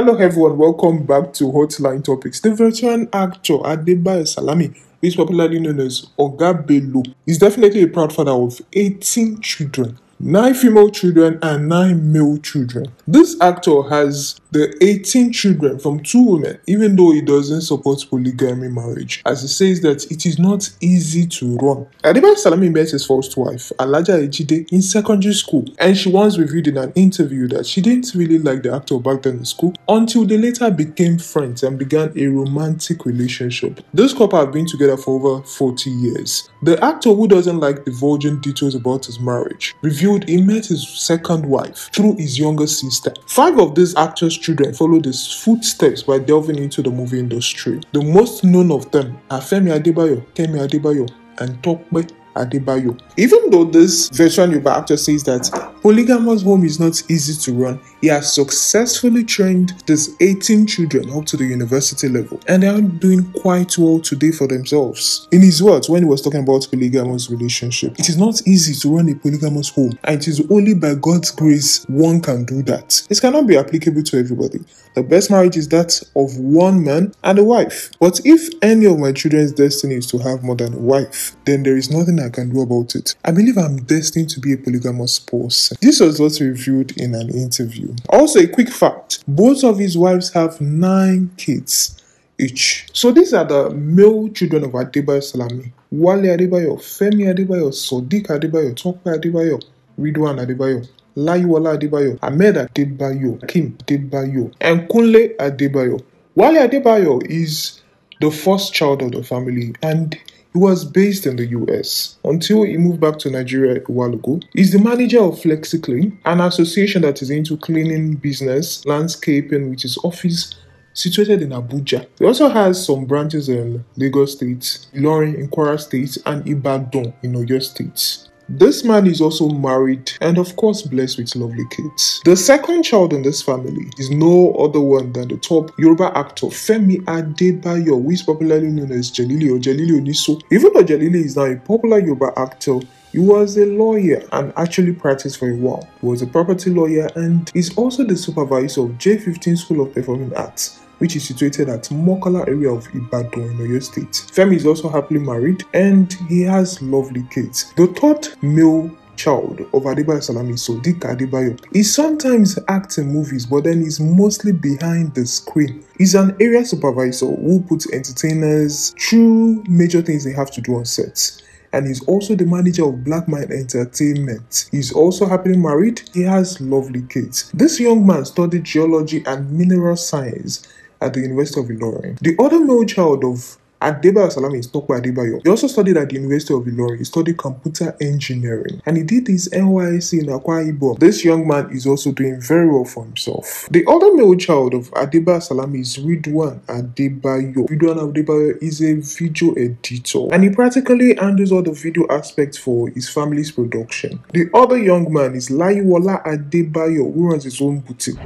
Hello everyone, welcome back to Hotline Topics. The veteran actor Adebayo Salami, who is popularly known as Oga Bello, is definitely a proud father of 18 children. 9 female children and 9 male children. This actor has the 18 children from two women, even though he doesn't support polygamy marriage, as he says that it is not easy to run. Adibai Salami met his first wife, Alaja Ejide, in secondary school, and she once revealed in an interview that she didn't really like the actor back then in school until they later became friends and began a romantic relationship. This couple have been together for over 40 years. The actor who doesn't like divulging details about his marriage revealed he met his second wife through his younger sister. Five of these actors children follow the footsteps by delving into the movie industry. The most known of them are Femi Adebayo, Kemi Adebayo, and Tokwe Adebayo. Even though this version Yuba actor says that Polygamous home is not easy to run. He has successfully trained these 18 children up to the university level, and they are doing quite well today for themselves. In his words, when he was talking about polygamous relationship, it is not easy to run a polygamous home, and it is only by God's grace one can do that. It cannot be applicable to everybody. The best marriage is that of one man and a wife. But if any of my children's destiny is to have more than a wife, then there is nothing I can do about it. I believe I'm destined to be a polygamous spouse. This was what revealed in an interview. Also, a quick fact both of his wives have nine kids each. So, these are the male children of Adebayo Salami Wale Adebayo, Femi Adebayo, Sodiq Adebayo, Tope Adebayo, Ridwan Adebayo. Laiwala Adebayo, Ahmed Adebayo, Kim Adebayo, and Kunle Adebayo. Wale Adebayo is the first child of the family and who was based in the US until he moved back to Nigeria a while ago, is the manager of FlexiClean, an association that is into cleaning business, landscaping, which is office situated in Abuja. It also has some branches in Lagos State, Ilorin in Kwara State, and Ibadan in Oyo State. This man is also married and, of course, blessed with lovely kids. The second child in this family is no other one than the top Yoruba actor Femi Adebayo, who is popularly known as Jalili or Jalili Oniso. Even though Jalili is now a popular Yoruba actor, he was a lawyer and actually practiced for a while. He was a property lawyer and is also the supervisor of J15 School of Performing Arts which is situated at Mokala area of Ibadan in Oyo State. Femi is also happily married and he has lovely kids. The third male child of Adebayo Salami, Sodiq Adebayo. He sometimes acts in movies, but then he's mostly behind the screen. He's an area supervisor who puts entertainers through major things they have to do on sets, And he's also the manager of Black Mind Entertainment. He's also happily married. He has lovely kids. This young man studied geology and mineral science at the University of Ilorin. The other male child of Adebayo Salami is Tope Adebayo. He also studied at the University of Ilorin. He studied computer engineering and he did his NYC in Akwa Ibom. This young man is also doing very well for himself. The other male child of Adebayo Salami is Ridwan Adebayo. Ridwan Adebayo is a video editor and he practically handles all the video aspects for his family's production. The other young man is Laiwola Adebayo who runs his own boutique.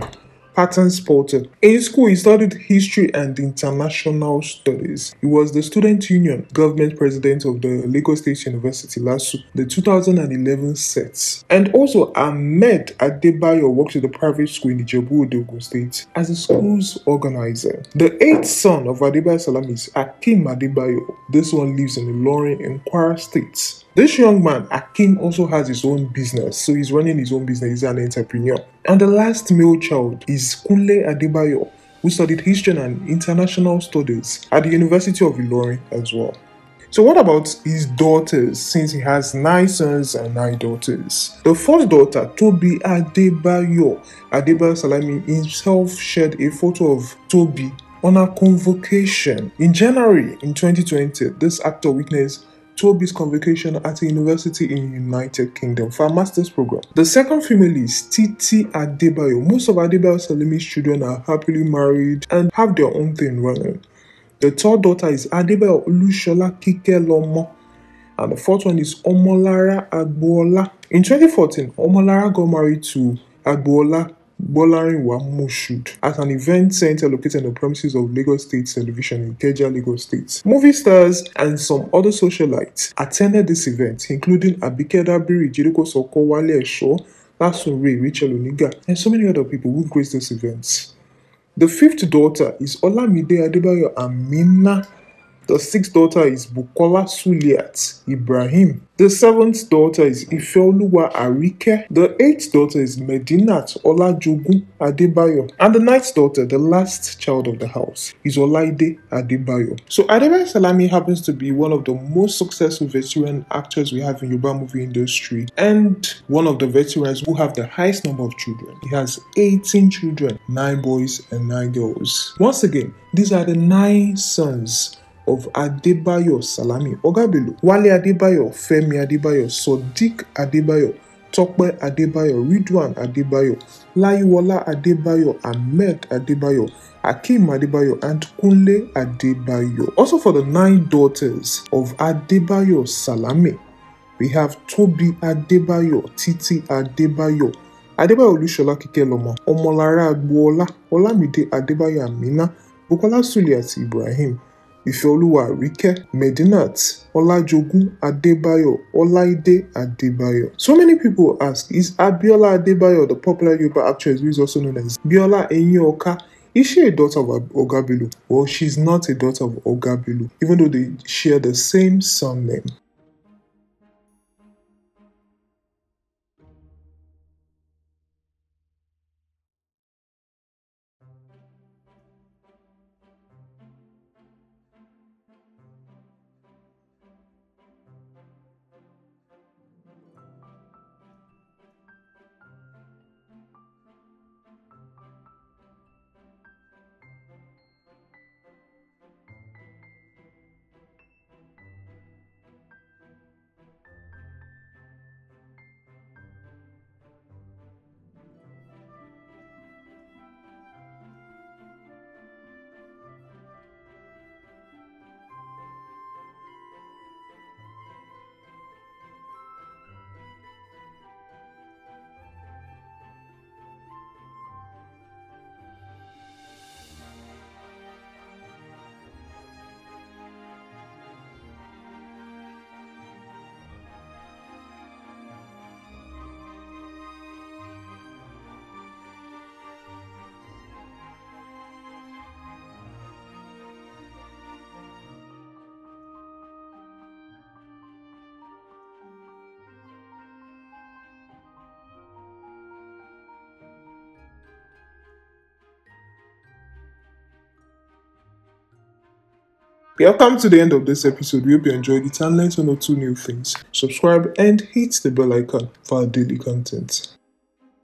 Patton's Porter. In school, he studied history and international studies. He was the Student Union government president of the Lagos State University last the 2011 set. And also, Ahmed Adebayo worked at the private school in Ijebu Odogun State as a school's organizer. The eighth son of Adebayo Salami is Akim Adebayo. This one lives in Ilorin in Kwara State. This young man, Akim, also has his own business, so he's running his own business, he's an entrepreneur. And the last male child is Kunle Adebayo, who studied History and International Studies at the University of Ilorin as well. So, what about his daughters since he has nine sons and nine daughters? The first daughter, Toby Adebayo, Adebayo Salami himself shared a photo of Toby on a convocation. In January in 2020, this actor witnessed Toby's Convocation at a university in United Kingdom for a master's program. The second female is Titi Adebayo. Most of Adebayo Salimi's children are happily married and have their own thing running. The third daughter is Adebayo Olushola Kikelomo and the fourth one is Omolara Agbola. In 2014, Omolara got married to Agbola Bolarin shoot at an event center located on the premises of Lagos State Television in Keja, Lagos State. Movie stars and some other socialites attended this event, including Abike Dabiri, Jiriko Soko, Wale Esho, Lasun Ray, Richard Oniga, and so many other people who graced this event. The fifth daughter is Olamide Adebayo Amina the sixth daughter is Bukola Suliat Ibrahim. The seventh daughter is Ifeoluwa Arike. The eighth daughter is Medinat Olajogun Adebayo. And the ninth daughter, the last child of the house, is Olaide Adebayo. So Adebayo Salami happens to be one of the most successful veteran actors we have in Yoruba movie industry and one of the veterans who have the highest number of children. He has 18 children, 9 boys and 9 girls. Once again, these are the 9 sons of Adebayo Salami Ogabelu, Wale Adebayo, Femi Adebayo, Sodiq Adebayo, Tokpe Adebayo, Ridwan Adebayo, Laiwola Adebayo, Ahmed Adebayo, Akim Adebayo, and Kunle Adebayo. Also for the nine daughters of Adebayo Salami, we have Tobi Adebayo, Titi Adebayo, Adebayo Lushola Kikeloma, Omolara Agbuola, Olamide Adebayo Amina, Bukola Sule Ibrahim ìfẹ́olúwà àríkẹ́ medinat ọlájogún adébáyọ̀ ọláìdé adébáyọ̀. so many people ask is abiola adébáyọ̀ the popular yoruba actress who is also known as biola eyinoka Is she a daughter of Ogabilu? Well, she's not a daughter of Ogabilu, even though they share the same surname. We have come to the end of this episode. We hope you enjoyed it and learned one or two new things. Subscribe and hit the bell icon for our daily content.